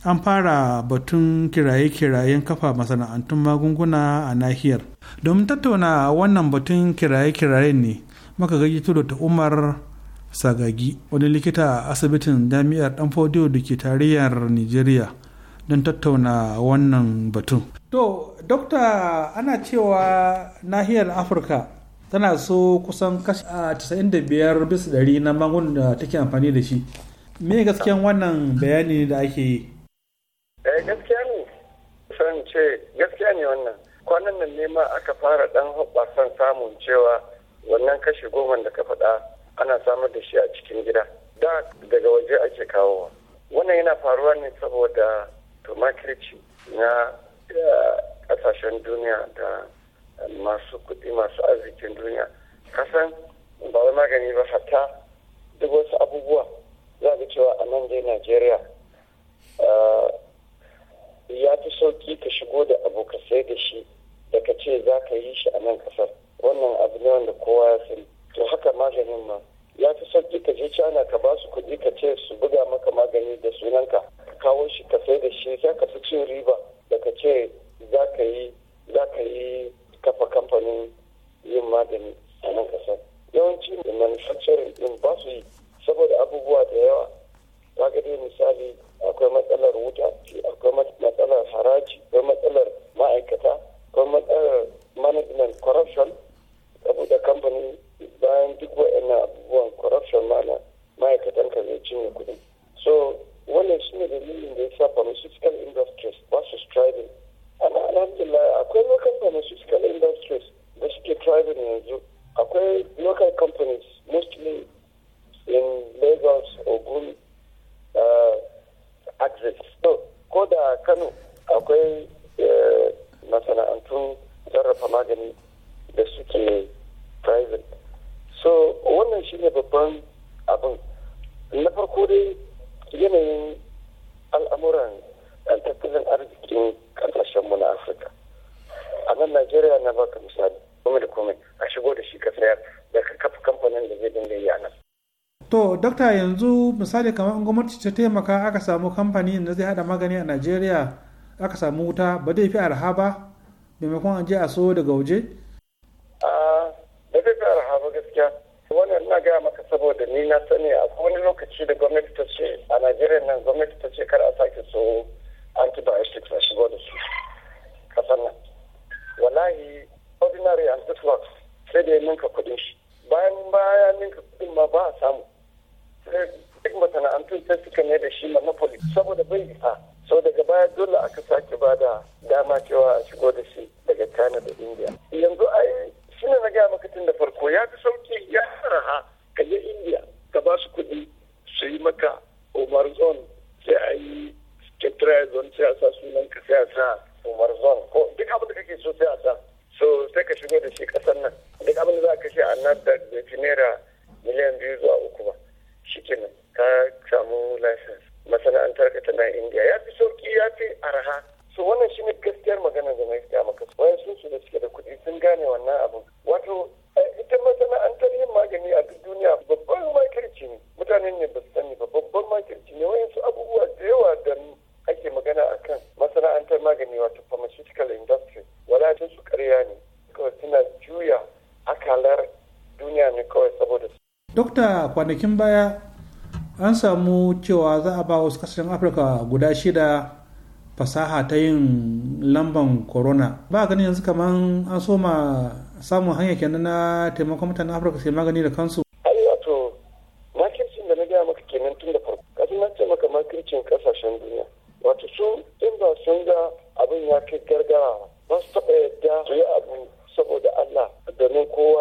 an fara batun kiraye-kirayen kafa masana'antun magunguna a nahiyar domin tattauna wannan batun kiraye-kirayen ne maka gaji tudu ta umar sagagi wani likita a asibitin jami'ar dan fodiyo da ke tarayyar nigeria don tattauna wannan batun to dokta ana cewa nahiyar afirka tana so kusan kashi 95 bis 100 na magun da take amfani da shi me gaskiyan wannan bayani da ake yi eh, gaskiya ne gaskiya ne wannan kwanan nan nema aka fara dan hoɓasan samun cewa wannan kashi goma da ka faɗa ana samar da shi a cikin gida da daga waje ake kawo wannan yana faruwa ne saboda tumakirci na kasashen eh, duniya da masu kudi masu arzikin duniya kasan ba wai magani ba hatta duk wasu abubuwa za ga cewa a nan dai najeriya eh, ya fi sauki ka shigo da abu ka sai da shi da ka ce za ka yi shi a nan kasar wannan abu ne wanda kowa ya sani to haka maganin ma ya fi sauki ka je cana ka ba su kuɗi ka ce su buga maka magani da sunanka ka kawo shi ka sai da shi sai ka fi cin riba da ka ce za ka yi za ka yi kafa kamfanin yin magani a nan kasar yawanci manufacturing din ba su yi saboda abubuwa da yawa ta dai misali akwai matsalar wuta akwai matsalar haraji akwai matsalar ma'aikata akwai matsalar management corruption saboda kamfanin bayan duk waɗannan abubuwan corruption mana ma'aikatan ka zai cinye kuɗi so wannan shi ne dalilin da ya sa pharmaceutical industries ba su striving ana alhamdulillah akwai local pharmaceutical industries da suke thriving yanzu akwai local companies mostly in lagos ogun uh, access so ko da kano akwai eh, masana'antun sarrafa magani da suke private so wannan shi ne babban abin na farko dai yanayin al'amuran tattalin arzikin mu na afirka a nan najeriya na baka misali kome da kome a shigo da shi kasa sayar da ka kafa kamfanin da zai dinga yi a nan to dokta yanzu misali kamar gwamnati ta taimaka aka samu kamfani da zai hada magani a najeriya aka samu wuta ba zai fi arha ba maimakon an je a so daga waje na gaya maka saboda ni na sani a wani lokaci da gwamnati ta ce a najeriya nan gwamnati ta ce kar a sake so antibiotics a shigo da su kasan nan wallahi ordinary antibiotics sai da ya ninka kudin shi bayan baya ninka kudin ma ba a samu duk masana'antun sai suka ne da shi monopoly saboda bai isa sau daga baya dole aka sake ba da dama cewa a shigo da shi daga china da india yanzu ai shi na gaya maka tun da farko ya fi sauki ya raha ka je indiya ka ba su kuɗi su yi maka umar zone sai a yi ketra zone sai a sa sunan ka sai a sa umar zone ko duk abin da kake so sai a sa so sai ka shigo da shi ƙasar nan duk abin da za ka shi a nan da bai naira miliyan biyu zuwa uku ba shi kenan ka samu license masana'antar ka ta na indiya ya fi sauki ya fi araha so wannan ne gaskiyar magana da na gaya maka wayan sun su da suke da kuɗi sun gane wannan abin wato eh, ita masana'antar yin magani a duk duniya babban makirci ne mutane ne ba su sani ba babban makirci ne Wani su abubuwa da yawa da ake magana a kan masana'antar magani wato pharmaceutical industry wala su karya ne kawai suna juya akalar duniya ne kawai saboda su. Dokta kwanakin baya an samu cewa za a ba wasu kasashen Afirka guda shida fasaha ta yin lamban corona ba gani yanzu kaman an soma samun hanya kenan na taimakon mutanen afirka sai magani da kansu ai wato makircin da na gaya maka kenan tun da farko kasu na taimaka maka makircin kasashen duniya wato su in ba sun ga abin ya kai gargara ba su taɓa yadda su yi abu saboda allah domin kowa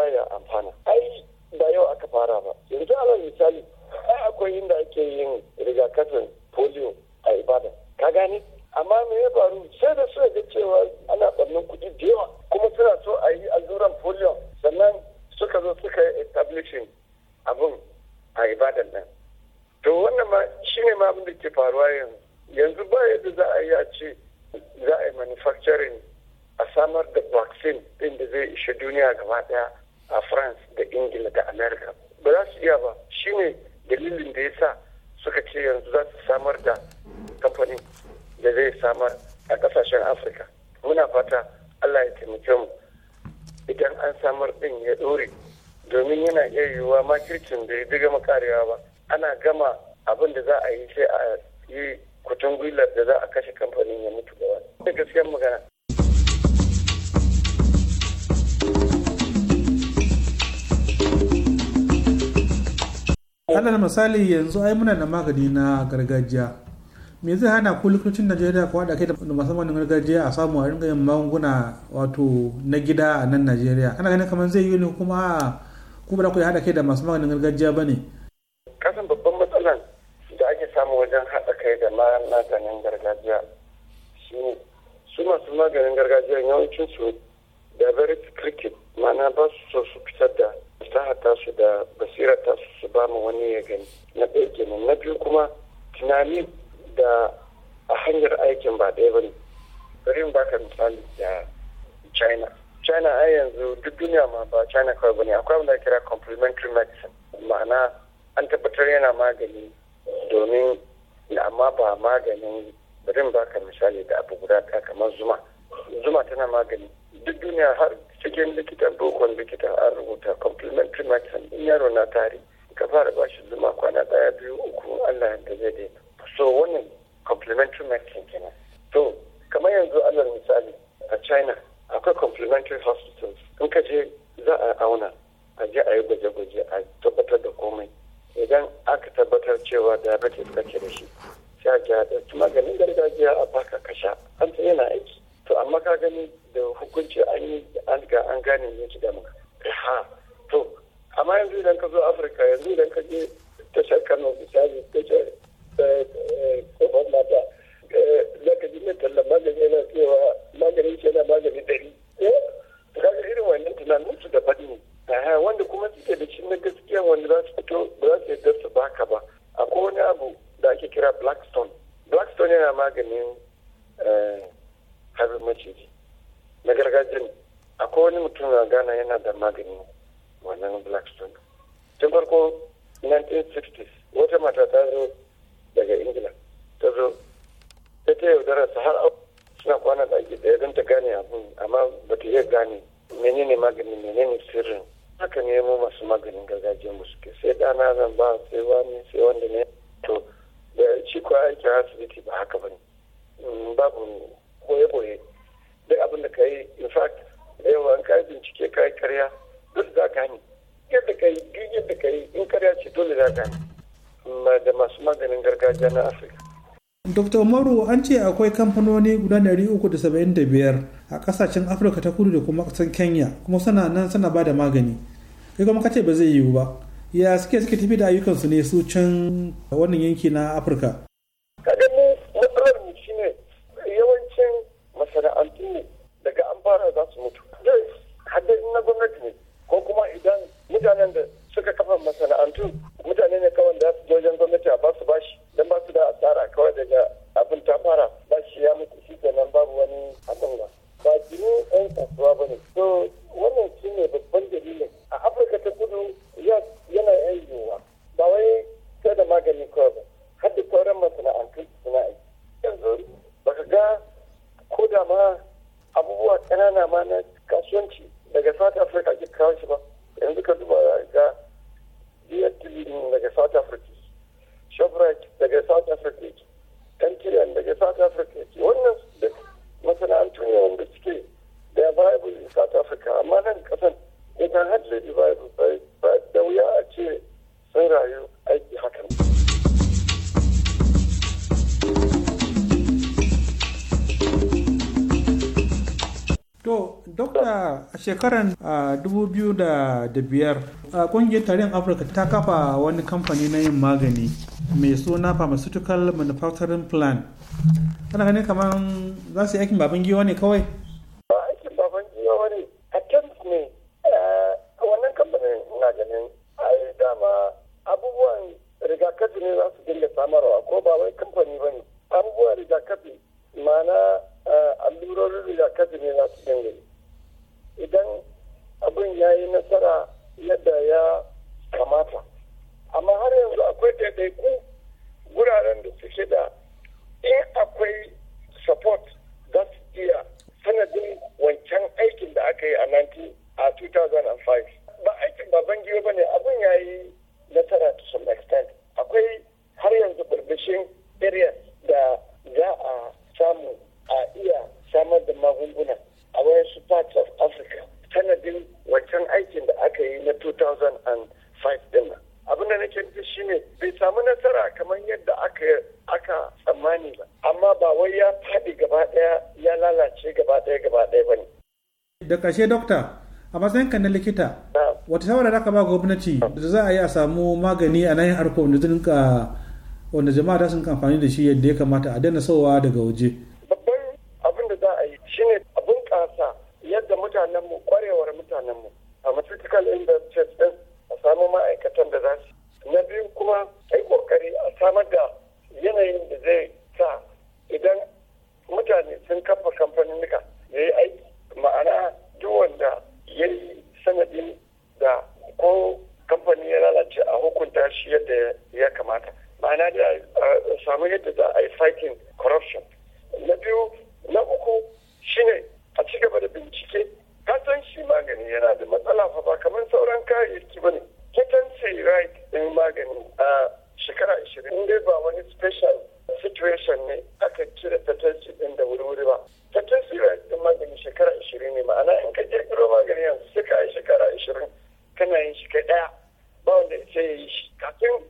misali yanzu ai muna da magani na gargajiya me zai hana ku likitocin najeriya ku haɗa kai da masu magani gargajiya a samu a ringa yin magunguna wato na gida a nan najeriya kana ganin kamar zai yi ne kuma ku ba ku haɗa kai da masu maganin gargajiya ba ne. kasan babban matsalan da ake samu wajen haɗa kai da maganin gargajiya ne su masu maganin gargajiya yawancin su da very cricket ma'ana ba su so su fitar da ta su da basira ta su ba mu wani ya gani na ɗaya kenan na biyu kuma tunani da a hanyar aikin ba ɗaya bane bari mu baka misali da china china ai yanzu duk duniya ma ba china kawai bane akwai abin da kira complementary medicine ma'ana an tabbatar yana magani domin amma ba maganin bari mu baka misali da abu guda ɗaya kamar zuma zuma tana magani duk duniya har cikin likitan bokon likitan an rubuta complementary medicine in yaro na tari ka fara ba shi zuma kwana daya biyu uku allah da zai daina so wannan complementary medicine kenan to kamar yanzu allah misali a china akwai complementary hospitals in ka je za a auna a je a yi gwaje-gwaje a tabbatar da komai idan aka tabbatar cewa diabetes kake da shi sai a maganin gargajiya a baka kasha an ta yana aiki to amma ka gani da hukunci an ga an gane ne ki dama ha to amma yanzu idan ka zo afirka yanzu idan ka je tashar kano misali tashar eh, eh, kofar mata eh, ka ji mai tallan magani yana cewa magani ce na magani ɗari kaga irin wannan tunanin su da faɗi ne wanda kuma suke da shi na gaskiya wanda za su fito ba za su yarda su baka ba akwai wani abu da ake kira blackstone blackstone yana maganin harin maciji na gargajiya akwai wani mutum a ghana yana da magani wannan blackstone tun farko 1960s wata mata ta zo daga ingila ta zo ta ta yaudara su har suna kwana ake ɗaya don ta gane abu amma ba ta iya gane menene magani menene sirrin haka ne mu masu maganin gargajiya mu suke sai dana zan ba sai wani sai wanda ne to da shi ko aiki asibiti ba haka ba ne mm, babu koye-koye duk abin da ka yi in fact yawa an ka bincike ka yi karya za ka hani yadda ka yi duk yadda ka yi in karya ce dole za ka amma da masu maganin gargajiya na afirka Dr. Umaru an ce akwai kamfanoni guda 375 a kasashen Afirka ta kudu da kuma kasan Kenya kuma suna nan suna ba da magani. Kai kuma kace ba zai yiwu ba. Ya suke suke tafi da ayyukansu ne su can wannan yanki na Afirka. fara za su mutu dai haddadi na gwamnati ne ko kuma idan mutanen da suka kafa masana'antu mutane ne kawai da su wajen gwamnati a basu bashi don basu da asara kawai daga abin ta fara bashi ya mutu shi kenan babu wani abin ba ba jini yan kasuwa ba ne so wannan shi ne babban dalilin a afirka ta kudu yana yan yiwuwa ba wai sai da magani kawai ba har da sauran masana'antu suna aiki yanzu baka ga ko da ma abubuwa ƙanana ma na kasuwanci daga south africa ake kawo shi ba yanzu ka duba ga dstv daga south africa shoprite daga south africa kantiriyan daga south africa wannan duk masana'antu ne wanda suke da bible in south africa amma nan kasan ita hardly bible da wuya a ce sun rayu aiki hakan. To, dokta a shekarar 2005 a kungiyar tarihin Afirka ta kafa wani kamfani na yin magani mai suna pharmaceutical manufacturing plan. tana ganin kamar za su yi aikin babin giwa ne kawai? aikin baban giwa ne, attempt ne. Wannan kamfanin ina ganin yi dama abubuwan rigakafi ne za su dinga samarwa ko ba wai kamfani ba ne. Abubuwan rigakafi azumi na su dinga idan abin ya yi nasara yadda ya kamata amma har yanzu akwai ɗaiɗaiku wuraren da suke da in akwai support za su iya sanadin wancan aikin da aka yi a 19 a 2005 ba aikin giwa ba ne abin ya yi nasara to some extent akwai har yanzu burbushin areas da za a samu a iya samar da magunguna a wasu parts of Africa sanadin wancan aikin da aka yi na 2005 din nan. Abin da nake nufi shine bai samu nasara kamar yadda aka aka tsammani ba, amma ba wai ya faɗi gaba ɗaya ya lalace gaba ɗaya gaba ɗaya ba ne. Da ƙarshe dokta, a matsayin matsayinka na likita wata shawara da aka ba gwamnati da za a yi a samu magani a nan harko wanda wanda jama'a ta sun amfani da shi yadda ya kamata a daina sowa daga waje mutanenmu kwarewar mutanenmu pharmaceutical industries din a samu ma'aikatan da za su na biyu kuma a yi kokari a samar da yanayin da zai sa idan mutane sun kafa kamfanin nika ya yi aiki ma'ana duk wanda ya yi sanadin da ko kamfanin ya lalace a hukunta shi yadda ya kamata ma'ana da a samu yadda za a yi fighting corruption na biyu na uku shine a ci gaba da bincike ka san shi magani yana da matsala fa ba kamar sauran kayayyaki ba ne patency right ɗin magani a shekara ashirin in dai ba wani special situation ne aka cire patency ɗin da wuri-wuri ba patency right ɗin magani shekara ashirin ne ma'ana in ka kirkiro magani yanzu sai ka yi shekara ashirin kana yin shi kai ɗaya ba wanda ya yi shi kafin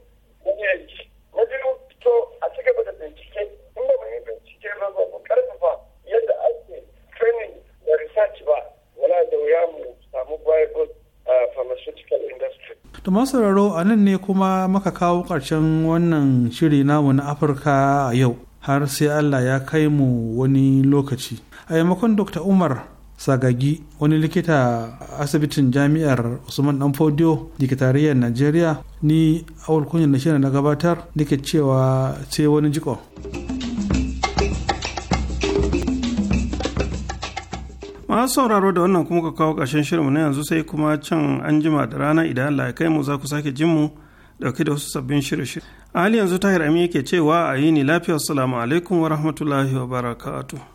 wani ya yi shi na biyu to a ci gaba da bincike in ba mu yi bincike ba ba mu karfafa yadda ake training da research ba wala da wuya mu samu viable uh, pharmaceutical industry. To sauraro a nan ne kuma maka kawo ƙarshen wannan shiri namu na Afirka a yau har sai Allah ya kai mu wani lokaci. A yamakon Dr. Umar Sagagi wani likita a asibitin jami'ar Usman Danfodiyo Dikitariyyar Najeriya ni a kunyar na shirin na gabatar da cewa sai wani jiko. masu sauraro da wannan kuma ka kawo ƙarshen shirinmu na yanzu sai kuma can an jima da rana idan Allah ya kai mu za ku sake jin mu dauke da wasu sabbin shirye-shirye a hali yanzu tahir ami yake cewa a yi ni lafiya salamu alaikum wa rahmatullahi wa barakatuh